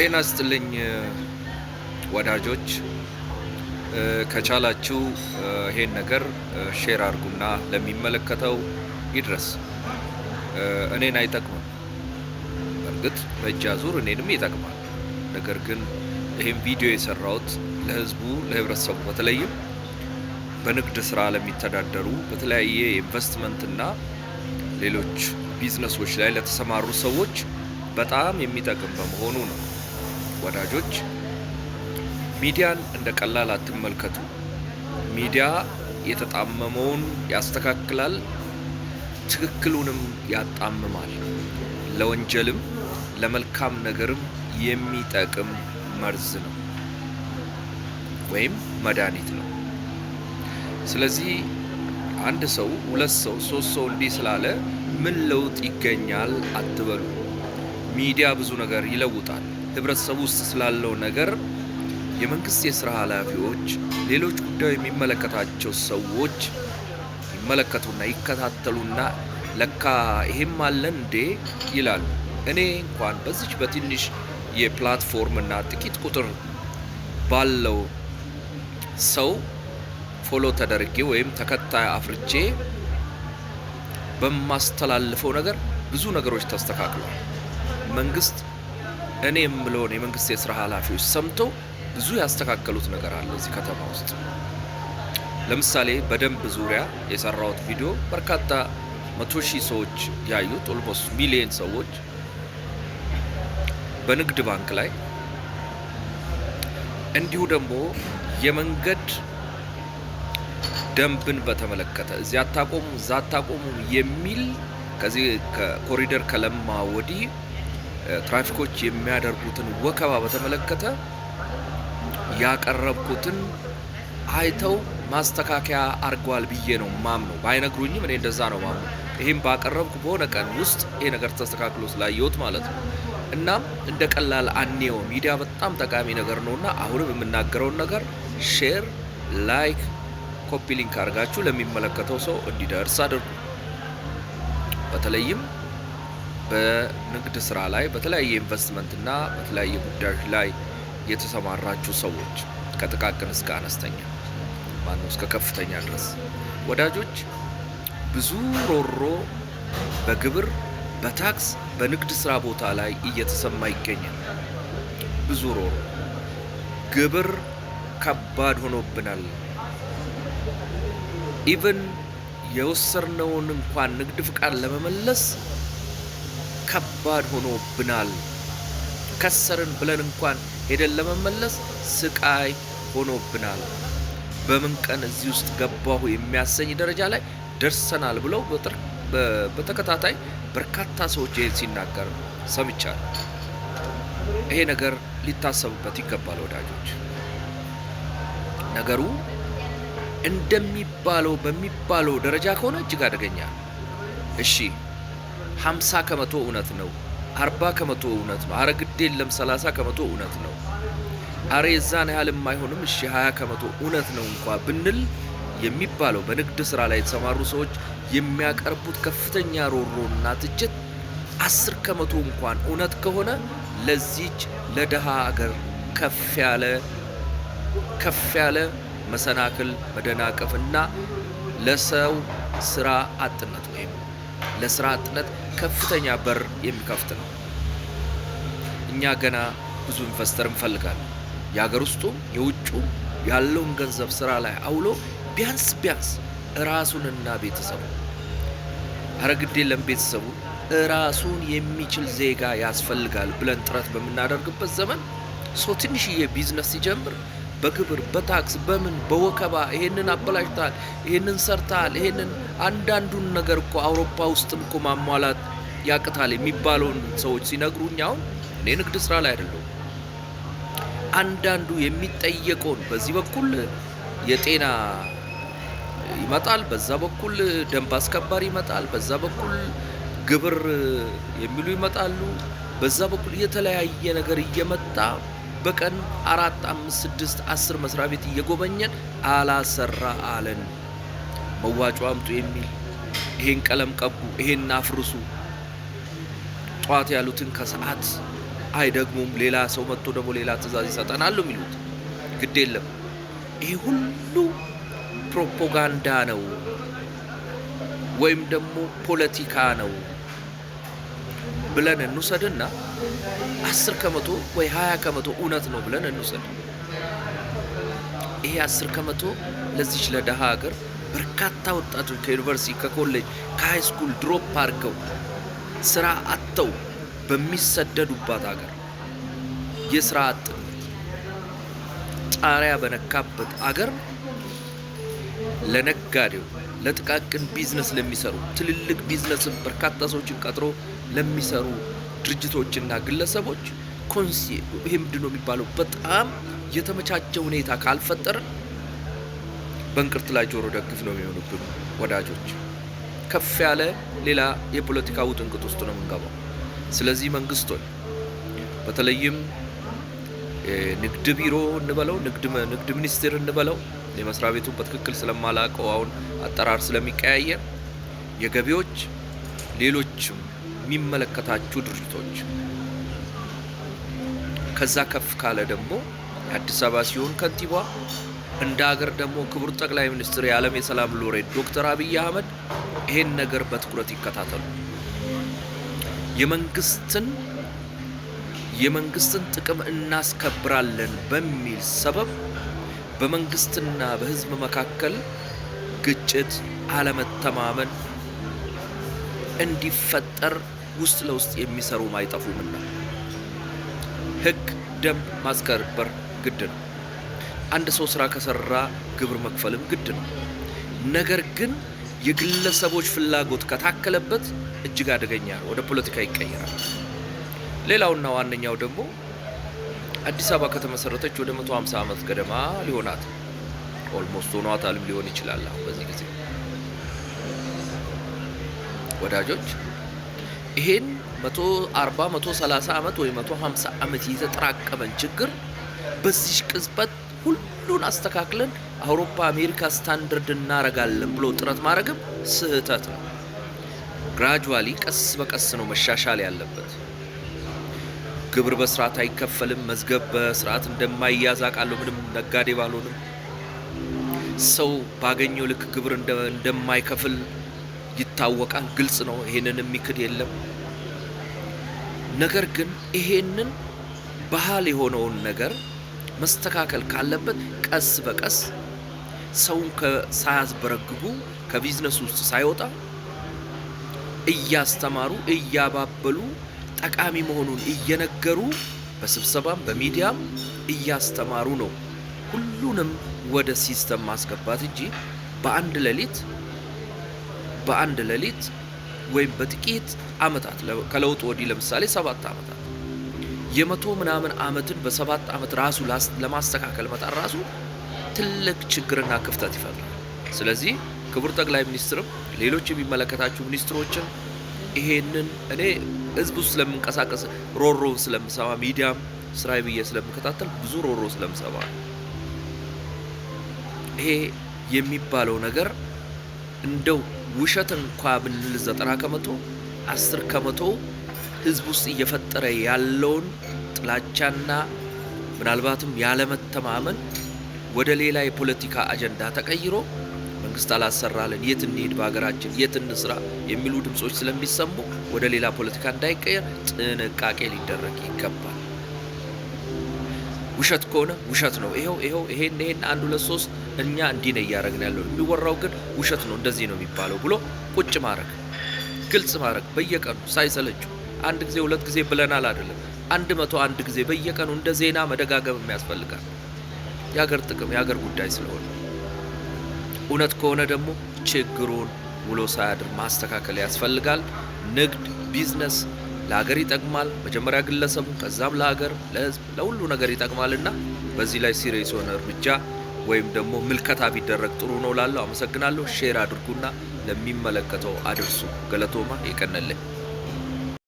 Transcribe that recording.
ጤና ይስጥልኝ ወዳጆች፣ ከቻላችሁ ይሄን ነገር ሼር አድርጉና ለሚመለከተው ይድረስ። እኔን አይጠቅምም። በእርግጥ በእጃ ዙር እኔንም ይጠቅማል። ነገር ግን ይህም ቪዲዮ የሰራሁት ለህዝቡ፣ ለህብረተሰቡ በተለይም በንግድ ስራ ለሚተዳደሩ በተለያየ ኢንቨስትመንትና ሌሎች ቢዝነሶች ላይ ለተሰማሩ ሰዎች በጣም የሚጠቅም በመሆኑ ነው። ወዳጆች ሚዲያን እንደ ቀላል አትመልከቱ። ሚዲያ የተጣመመውን ያስተካክላል፣ ትክክሉንም ያጣምማል። ለወንጀልም ለመልካም ነገርም የሚጠቅም መርዝ ነው ወይም መድኃኒት ነው። ስለዚህ አንድ ሰው ሁለት ሰው ሶስት ሰው እንዲህ ስላለ ምን ለውጥ ይገኛል አትበሉ። ሚዲያ ብዙ ነገር ይለውጣል። ህብረተሰቡ ውስጥ ስላለው ነገር የመንግስት የስራ ኃላፊዎች፣ ሌሎች ጉዳዩ የሚመለከታቸው ሰዎች ይመለከቱና ይከታተሉና ለካ ይሄም አለ እንዴ ይላሉ። እኔ እንኳን በዚች በትንሽ የፕላትፎርም እና ጥቂት ቁጥር ባለው ሰው ፎሎ ተደርጌ ወይም ተከታይ አፍርቼ በማስተላልፈው ነገር ብዙ ነገሮች ተስተካክሏል። መንግስት እኔ የምለውን የመንግስት የስራ ኃላፊዎች ሰምቶ ብዙ ያስተካከሉት ነገር አለ እዚህ ከተማ ውስጥ። ለምሳሌ በደንብ ዙሪያ የሰራሁት ቪዲዮ በርካታ መቶ ሺህ ሰዎች ያዩት ኦልሞስት ሚሊየን ሰዎች በንግድ ባንክ ላይ እንዲሁ ደግሞ የመንገድ ደንብን በተመለከተ እዚያ አታቆሙ እዛ አታቆሙ የሚል ከዚህ ከኮሪደር ከለማ ወዲህ ትራፊኮች የሚያደርጉትን ወከባ በተመለከተ ያቀረብኩትን አይተው ማስተካከያ አድርገዋል ብዬ ነው ማምነው። ባይነግሩኝም እኔ እንደዛ ነው ማምነው። ይህም ባቀረብኩ በሆነ ቀን ውስጥ ይሄ ነገር ተስተካክሎ ስላየሁት ማለት ነው። እናም እንደ ቀላል አኔው ሚዲያ በጣም ጠቃሚ ነገር ነው እና አሁንም የምናገረውን ነገር ሼር፣ ላይክ፣ ኮፒ ሊንክ አድርጋችሁ ለሚመለከተው ሰው እንዲደርስ አድርጉ። በተለይም በንግድ ስራ ላይ በተለያየ ኢንቨስትመንትና በተለያየ ጉዳዮች ላይ የተሰማራችሁ ሰዎች ከጥቃቅን እስከ አነስተኛ ማነው እስከ ከፍተኛ ድረስ ወዳጆች ብዙ ሮሮ በግብር በታክስ በንግድ ስራ ቦታ ላይ እየተሰማ ይገኛል። ብዙ ሮሮ ግብር ከባድ ሆኖብናል። ኢቨን የወሰድነውን እንኳን ንግድ ፍቃድ ለመመለስ ከባድ ሆኖብናል። ከሰርን ብለን እንኳን ሄደን ለመመለስ ስቃይ ሆኖብናል። በምን ቀን እዚህ ውስጥ ገባሁ የሚያሰኝ ደረጃ ላይ ደርሰናል ብለው በተከታታይ በርካታ ሰዎች ይህን ሲናገር ሰምቻል። ይሄ ነገር ሊታሰብበት ይገባል ወዳጆች። ነገሩ እንደሚባለው በሚባለው ደረጃ ከሆነ እጅግ አደገኛ እሺ 50 ከመቶ እውነት ነው። 40 ከመቶ እውነት ነው። አረ ግድ የለም 30 ከመቶ እውነት ነው። አረ የዛን ያህል የማይሆንም እሺ 20 ከመቶ እውነት ነው እንኳ ብንል የሚባለው በንግድ ስራ ላይ የተሰማሩ ሰዎች የሚያቀርቡት ከፍተኛ ሮሮና ትችት አስር ከመቶ እንኳን እውነት ከሆነ ለዚች ለድሃ አገር ከፍ ያለ ከፍ ያለ መሰናክል መደናቀፍ ለሰው ስራ አጥነት ወይም ለስራ አጥነት ከፍተኛ በር የሚከፍት ነው። እኛ ገና ብዙ ኢንቨስተር እንፈልጋለን። የሀገር ውስጡም የውጩ ያለውን ገንዘብ ስራ ላይ አውሎ ቢያንስ ቢያንስ እራሱንና ቤተሰቡ ለም ቤተሰቡ እራሱን የሚችል ዜጋ ያስፈልጋል ብለን ጥረት በምናደርግበት ዘመን ሰው ትንሽዬ ቢዝነስ ሲጀምር በግብር በታክስ በምን በወከባ ይሄንን አበላሽታል፣ ይሄንን ሰርታል፣ ይሄንን አንዳንዱን ነገር እኮ አውሮፓ ውስጥም እኮ ማሟላት ያቅታል የሚባለውን ሰዎች ሲነግሩኝ አሁን እኔ ንግድ ስራ ላይ አይደለሁም። አንዳንዱ የሚጠየቀውን በዚህ በኩል የጤና ይመጣል፣ በዛ በኩል ደንብ አስከባሪ ይመጣል፣ በዛ በኩል ግብር የሚሉ ይመጣሉ፣ በዛ በኩል የተለያየ ነገር እየመጣ በቀን አራት አምስት ስድስት አስር መስሪያ ቤት እየጎበኘን አላሰራ አለን። መዋጮ አምጡ የሚል ይሄን ቀለም ቀቡ፣ ይሄን አፍርሱ፣ ጠዋት ያሉትን ከሰዓት አይ ደግሞም ሌላ ሰው መጥቶ ደግሞ ሌላ ትእዛዝ ይሰጠናል የሚሉት ግድ የለም። ይህ ሁሉ ፕሮፓጋንዳ ነው ወይም ደግሞ ፖለቲካ ነው ብለን እንውሰድና አስር ከመቶ ወይ ሀያ ከመቶ እውነት ነው ብለን እንውሰድ። ይሄ አስር ከመቶ ለዚች ለደሃ ሀገር በርካታ ወጣቶች ከዩኒቨርሲቲ ከኮሌጅ ከሃይ ስኩል ድሮፕ አድርገው ስራ አጥተው በሚሰደዱባት ሀገር የስራ አጥነት ጣሪያ በነካበት አገር ለነጋዴው ለጥቃቅን ቢዝነስ ለሚሰሩ ትልልቅ ቢዝነስን በርካታ ሰዎችን ቀጥሮ ለሚሰሩ ድርጅቶችና ግለሰቦች ኮንሲ ይሄ ምንድን ነው የሚባለው በጣም የተመቻቸ ሁኔታ ካልፈጠርን በእንቅርት ላይ ጆሮ ደግፍ ነው የሚሆኑብን ወዳጆች። ከፍ ያለ ሌላ የፖለቲካ ውጥንቅጥ ውስጥ ነው የምንገባው። ስለዚህ መንግስቶች በተለይም ንግድ ቢሮ እንበለው ንግድ ሚኒስቴር እንበለው የመስሪያ ቤቱ በትክክል ስለማላቀው አሁን አጠራር ስለሚቀያየር የገቢዎች ሌሎችም የሚመለከታችሁ ድርጅቶች ከዛ ከፍ ካለ ደግሞ የአዲስ አበባ ሲሆን ከንቲባ እንደ ሀገር ደግሞ ክቡር ጠቅላይ ሚኒስትር የዓለም የሰላም ሎሬት ዶክተር አብይ አህመድ ይሄን ነገር በትኩረት ይከታተሉ። የመንግስትን የመንግስትን ጥቅም እናስከብራለን በሚል ሰበብ በመንግስትና በህዝብ መካከል ግጭት፣ አለመተማመን እንዲፈጠር ውስጥ ለውስጥ የሚሰሩ አይጠፉምና ህግ፣ ደንብ ማስከበር ግድ ነው። አንድ ሰው ስራ ከሰራ ግብር መክፈልም ግድ ነው። ነገር ግን የግለሰቦች ፍላጎት ከታከለበት እጅግ አደገኛ ነው፣ ወደ ፖለቲካ ይቀየራል። ሌላውና ዋነኛው ደግሞ አዲስ አበባ ከተመሰረተች ወደ 150 ዓመት ገደማ ሊሆናት ኦልሞስት ሆኗታልም ሊሆን ይችላል። በዚህ ጊዜ ወዳጆች ይሄን 140 130 ዓመት ወይ 150 ዓመት የተጠራቀመን ችግር በዚህ ቅጽበት ሁሉን አስተካክለን አውሮፓ አሜሪካ ስታንደርድ እናረጋለን ብሎ ጥረት ማድረግም ስህተት ነው። ግራጁዋሊ ቀስ በቀስ ነው መሻሻል ያለበት። ግብር በስርዓት አይከፈልም። መዝገብ በስርዓት እንደማይያዝ አውቃለሁ። ምንም ነጋዴ ባልሆንም ሰው ባገኘው ልክ ግብር እንደማይከፍል ይታወቃል። ግልጽ ነው። ይሄንን የሚክድ የለም። ነገር ግን ይሄንን ባህል የሆነውን ነገር መስተካከል ካለበት ቀስ በቀስ ሰውን ሳያዝበረግጉ ከቢዝነስ ውስጥ ሳይወጣ እያስተማሩ እያባበሉ ጠቃሚ መሆኑን እየነገሩ በስብሰባም በሚዲያም እያስተማሩ ነው ሁሉንም ወደ ሲስተም ማስገባት እንጂ በአንድ ሌሊት በአንድ ሌሊት ወይም በጥቂት አመታት ከለውጥ ወዲህ ለምሳሌ ሰባት አመታት የመቶ ምናምን አመትን በሰባት ዓመት ራሱ ለማስተካከል መጣር ራሱ ትልቅ ችግርና ክፍተት ይፈጥራል። ስለዚህ ክቡር ጠቅላይ ሚኒስትርም ሌሎች የሚመለከታችሁ ሚኒስትሮችን ይሄንን እኔ ህዝቡ ስለምንቀሳቀስ ሮሮ ስለምሰማ ሚዲያም ስራ ብዬ ስለምከታተል ብዙ ሮሮ ስለምሰማ ይሄ የሚባለው ነገር እንደው ውሸት እንኳ ብንል ዘጠና ከመቶ አስር ከመቶ ህዝብ ውስጥ እየፈጠረ ያለውን ጥላቻና ምናልባትም ያለመተማመን ወደ ሌላ የፖለቲካ አጀንዳ ተቀይሮ መንግስት አላሰራለን የት እንሄድ፣ በሀገራችን የት እንስራ የሚሉ ድምጾች ስለሚሰሙ ወደ ሌላ ፖለቲካ እንዳይቀየር ጥንቃቄ ሊደረግ ይገባል። ውሸት ከሆነ ውሸት ነው። ይኸው ይኸው ይሄን ይሄን አንድ ሁለት ሶስት እኛ እንዲህ ነው እያደረግን ያለው የሚወራው ግን ውሸት ነው፣ እንደዚህ ነው የሚባለው ብሎ ቁጭ ማድረግ፣ ግልጽ ማድረግ በየቀኑ ሳይሰለችው አንድ ጊዜ ሁለት ጊዜ ብለናል አይደለም አንድ መቶ አንድ ጊዜ በየቀኑ እንደ ዜና መደጋገም የሚያስፈልጋል። የሀገር ጥቅም የሀገር ጉዳይ ስለሆነ እውነት ከሆነ ደግሞ ችግሩን ውሎ ሳያድር ማስተካከል ያስፈልጋል። ንግድ ቢዝነስ ለሀገር ይጠቅማል። መጀመሪያ ግለሰቡ፣ ከዛም ለሀገር፣ ለህዝብ፣ ለሁሉ ነገር ይጠቅማልና በዚህ ላይ ሲሪየስ የሆነ እርምጃ ወይም ደግሞ ምልከታ ቢደረግ ጥሩ ነው ላለው አመሰግናለሁ። ሼር አድርጉና ለሚመለከተው አድርሱ። ገለቶማ የቀነለኝ